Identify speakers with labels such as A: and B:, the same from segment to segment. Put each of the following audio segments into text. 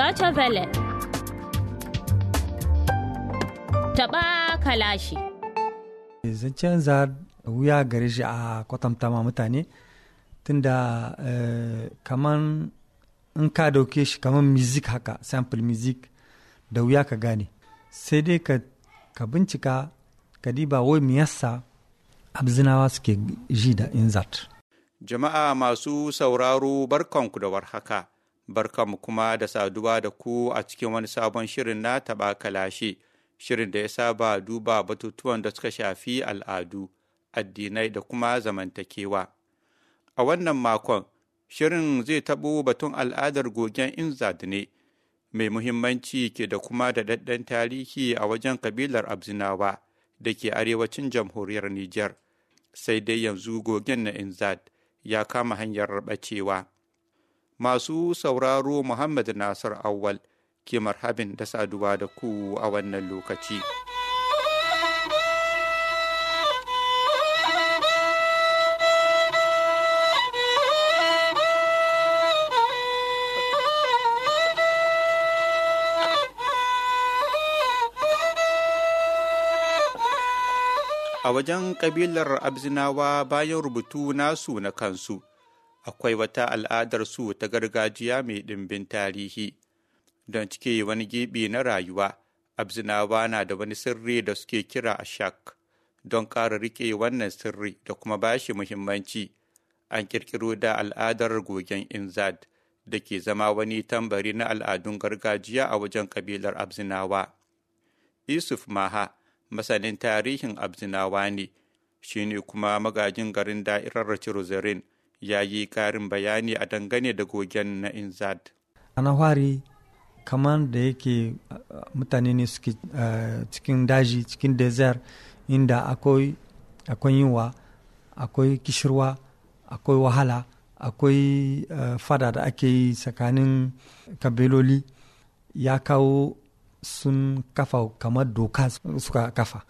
A: Deutsche Welle. taba kalashi. zan canza wuya gare shi a kwatanta mutane tunda eh, kaman in ka dauke shi kaman music haka sample music da wuya ka gane sai dai ka bincika ka diba wai miyassa abzinawa suke ji da inzat.
B: Jama'a masu sauraro barkanku da warhaka. haka. Barkamu kuma da saduwa da ku a cikin wani sabon shirin na taɓa kalashe, shirin da ya saba duba batutuwan da suka shafi al'adu addinai da kuma zamantakewa a wannan makon shirin zai taɓo batun al'adar gogen inzad ne mai muhimmanci ke da kuma da tarihi a wajen kabilar abzinawa da ke arewacin jamhuriyar Nijar. sai dai yanzu gogen na inzad ya kama hanyar bacewa. masu sauraro Muhammad Nasir Awal ke marhabin da saduwa da ku a wannan lokaci. A wajen ƙabilar Abzinawa bayan rubutu nasu na kansu. akwai wata al'adar su ta gargajiya mai ɗimbin tarihi don cike wani gibi na rayuwa abzinawa na da wani sirri da suke kira a shak don ƙara riƙe wannan sirri da kuma bashi muhimmanci an ƙirƙiro da al'adar gogen inzad da ke zama wani tambari na al'adun gargajiya a wajen ƙabilar abzinawa yusuf maha masanin tarihin abzinawa ne shine kuma magajin garin da'irar cirozerin ya yi ƙarin bayani a dangane da gogen na inzad
A: ana hwari kamar da yake mutane ne suke cikin daji cikin desert inda akwai yinwa akwai kishirwa akwai wahala akwai fada da ake yi tsakanin kabiloli ya kawo sun kafa kamar doka suka kafa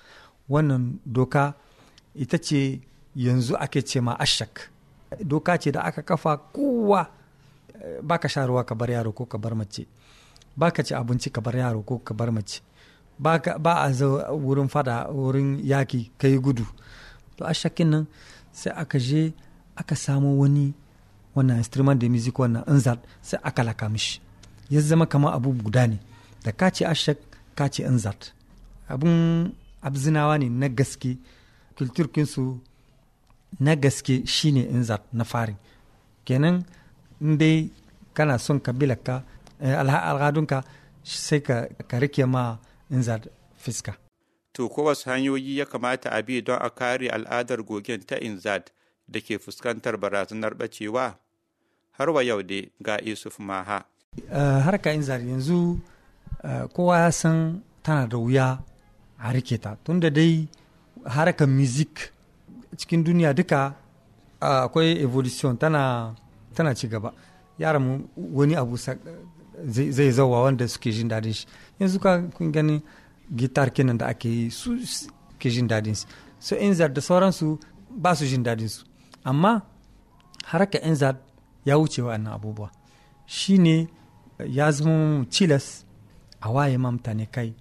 A: wannan doka ita ce yanzu ake ce ma ashak doka ce da aka kafa kowa eh, baka sha ruwa ka bar yaro ko ka bar mace baka ci abinci ka bar yaro ko ka bar mace ba a zo wurin fada wurin yaki ka yi gudu to a shakin nan sai aka je aka samo wani wannan instrument de music wannan inzat sai aka laka mishi ya zama kama abu guda ne da ka ce ashak ka ce inzat abun abzinawa ne na gaske kulturkinsu na gaske shine inzar na fari kenan in dai kana son kabilarka eh, al'adunka sai ka rike ma inzar fiska
B: to ko wasu hanyoyi ya kamata a bi don a kare al'adar gogen ta inzad da ke fuskantar barazanar bacewa har wa yau dai ga isuf maha
A: eh, harka inzad yanzu eh, kowa ya san tana da wuya a rike ta tunda dai harkar muzik. cikin duniya duka akwai evolution tana ci gaba yaran wani abu zai zauwa wanda suke jin dadin shi yanzu ka kun gani gitar kenan da ake yi su ke jin dadin su so inzar da sauransu ba su jin dadin su amma haraka inzar ya wuce wa'annan abubuwa shine ya zama cilas a waye mamta ne kai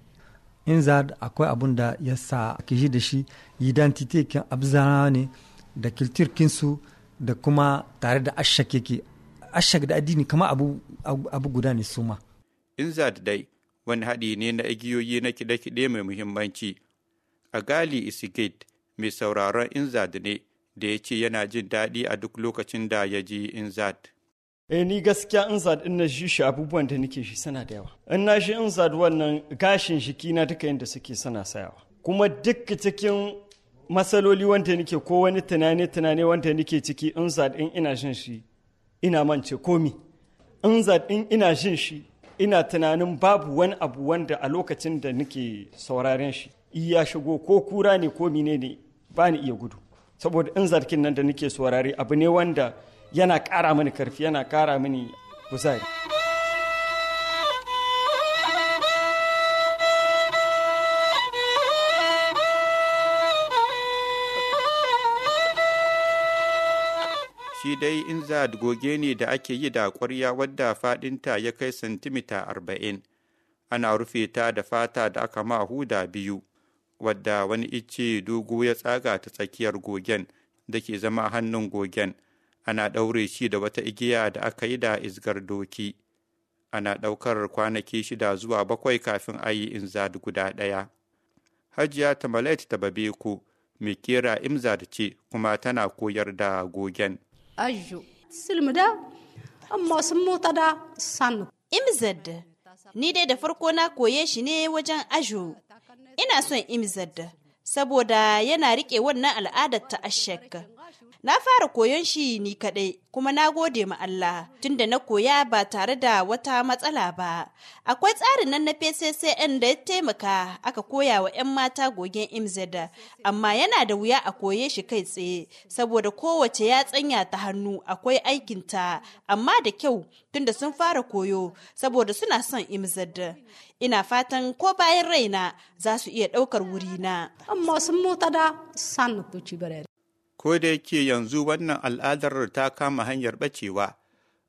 A: in za akwai abun da ya sa ake ji da shi identity kin abzana ne da kiltir kinsu da kuma tare da ashak yake ashak da addini kama abu, abu guda ne suma.
B: in za dai wani haɗi ne na igiyoyi na kide-kide mai muhimmanci a gali mai sauraron inzad ne da ya ce yana jin daɗi a duk lokacin da ya ji inzad
A: eh ni gaskiya in zad in na shi shi abubuwan da nake shi sana da yawa in na shi in zad wannan gashin shiki na duka yadda suke sana sayawa kuma duk cikin matsaloli wanda nake ko wani tunane tunane wanda nake ciki in zad in ina shin shi ina mance komi in zad in ina shin shi ina tunanin babu wani abu wanda a lokacin da nake sauraren shi iya shigo ko kura ne ko mine ne ba ni iya gudu saboda in zarkin nan da nake saurare abu ne wanda yana ƙara mini karfi yana ƙara mini kuzari
B: shi dai in za goge ne da ake yi da ƙwarya wadda faɗinta ya kai santimita arba'in ana rufe ta da fata da aka ma huda biyu wadda wani icce dogo ya tsaga ta tsakiyar gogen da ke zama hannun gogen ana ɗaure shi da wata igiya da aka yi da isgar doki ana ɗaukar kwanaki shida zuwa bakwai kafin a yi inzad guda ɗaya hajiya babe ku mai kera imzad ce kuma tana koyar da gogen
A: ayyo silmida amma sun mota da sanu imzad ni dai da farko na koye shi ne wajen ajo ina son imzad saboda yana riƙe
B: wannan al'adar ta ashek Na fara koyon shi ni kaɗai, kuma na gode ma Allah, tunda na koya ba tare da wata matsala ba. Akwai tsarin nan na
A: PCCN da ya taimaka aka koya wa 'yan mata gogen imzada, amma yana da wuya a koye shi kai tsaye, saboda kowace ya tsanya ta hannu akwai aikinta, amma da kyau tunda sun fara koyo, saboda suna son MZ. Ina fatan ko bayan raina za su iya ɗaukar wurina. Amma sun mota da san bare.
B: ko da yake yanzu wannan al'adar ta kama hanyar bacewa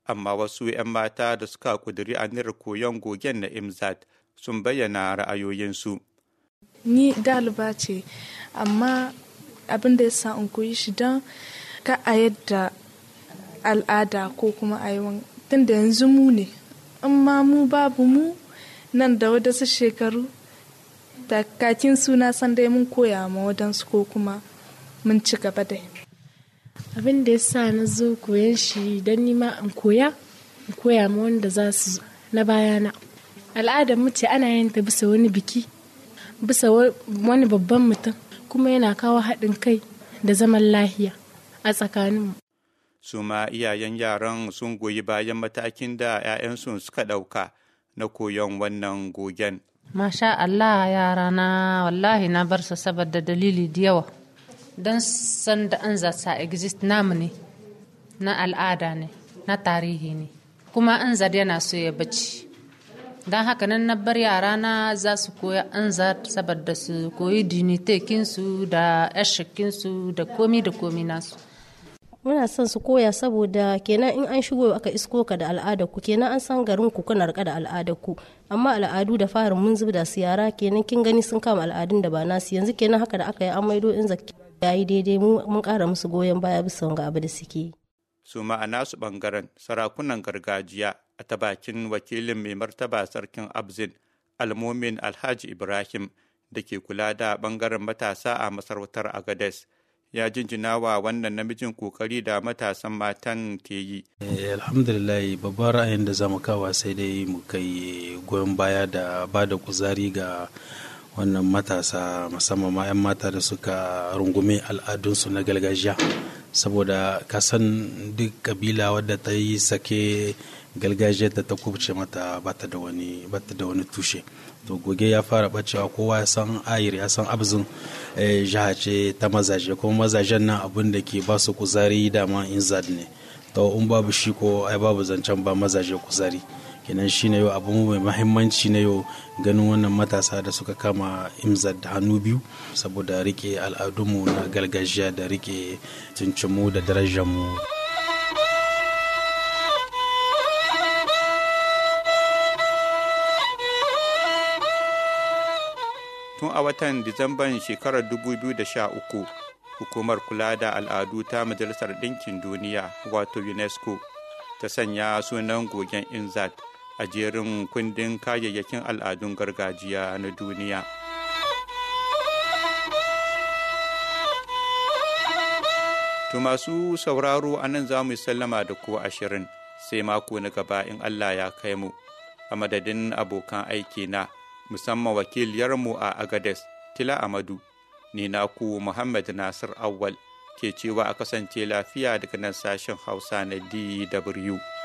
B: amma wasu 'yan mata da suka kuduri nira koyon gogen na imzat sun bayyana ra'ayoyinsu
A: ni daliba ce amma abin da ya sa in koyi shi don ka a yadda al'ada ko kuma a tun da yanzu mu ne in ma mu babu mu nan da wadansu shekaru da kakin suna san dai mun koya ma wadansu ko kuma mun ci gaba da abin da ya sa na zo koyan shi don nima in koya in koya ma wanda za su na bayana al'adar mace ana yin ta bisa wani biki bisa wani babban mutum kuma yana kawo haɗin kai da zaman lahiya a tsakaninmu
B: su ma iyayen yaran sun goyi bayan matakin da 'ya'yansu suka ɗauka na koyon wannan gogen
A: masha Allah yara na wallahi na barsa su saboda dalili da yawa don sanda an zata exist namu ne na al'ada ne na tarihi ne kuma an zar yana so ya bacci don haka nan na bar yara na za su koya an saboda su koyi dinitekinsu da yashikinsu da komi da komi nasu muna son su koya saboda kenan in an shigo aka isko ka da al'adar ku kenan an san garin ku kuna rika da al'adar ku amma al'adu da farin mun zubda su yara kenan kin gani sun kama al'adun da ba nasu yanzu kenan haka da aka yi an maido in zakki ya yi daidai mun kara musu goyon baya bisa wanga abu da suke
B: su ma'ana su ɓangaren sarakunan gargajiya a ta bakin wakilin mai martaba sarkin abzin almomin alhaji ibrahim da ke kula da bangaren matasa a masarautar agades ya jinjina wa wannan namijin kokari da matasan matan ke yi. Eh,
A: alhamdulillah babban ra'ayin da za mu kawa sai dai mu kai goyon baya da ba da kuzari ga wannan matasa musamman ma 'yan mata da suka rungume al'adunsu na gargajiya saboda kasan duk kabila wadda ta yi sake gargajiyar da ta kubce mata bata da wani da wani tushe to goge ya fara bacewa kowa ya san ayir ya san abzin eh, jiha ce ta mazaje kuma mazajen nan abin da ke ba su kuzari dama in ne to in babu shi ko ai babu zancen ba mazaje kuzari kenan shi na yau abu mai mahimmanci na yau ganin wannan matasa da suka kama imzar da hannu biyu saboda rike al'adunmu na gargajiya da rike cincinmu da darajarmu. mu
B: tun a watan disamban shekarar 2013 hukumar kula da al'adu ta majalisar ɗinkin duniya wato unesco ta sanya sunan gogen inzat a jerin kundin kayayyakin al'adun gargajiya na duniya. To masu sauraro a nan za mu sallama da ku ashirin sai mako na gaba in Allah ya kai mu a madadin abokan aiki na musamman wakiliyarmu a Agades Tila Amadu ni naku Muhammad Nasir Awwal ke cewa a kasance lafiya daga nan sashen Hausa na DW.